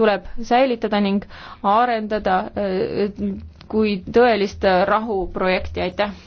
tuleb säilitada ning arendada äh, kui tõelist rahuprojekti, aitäh!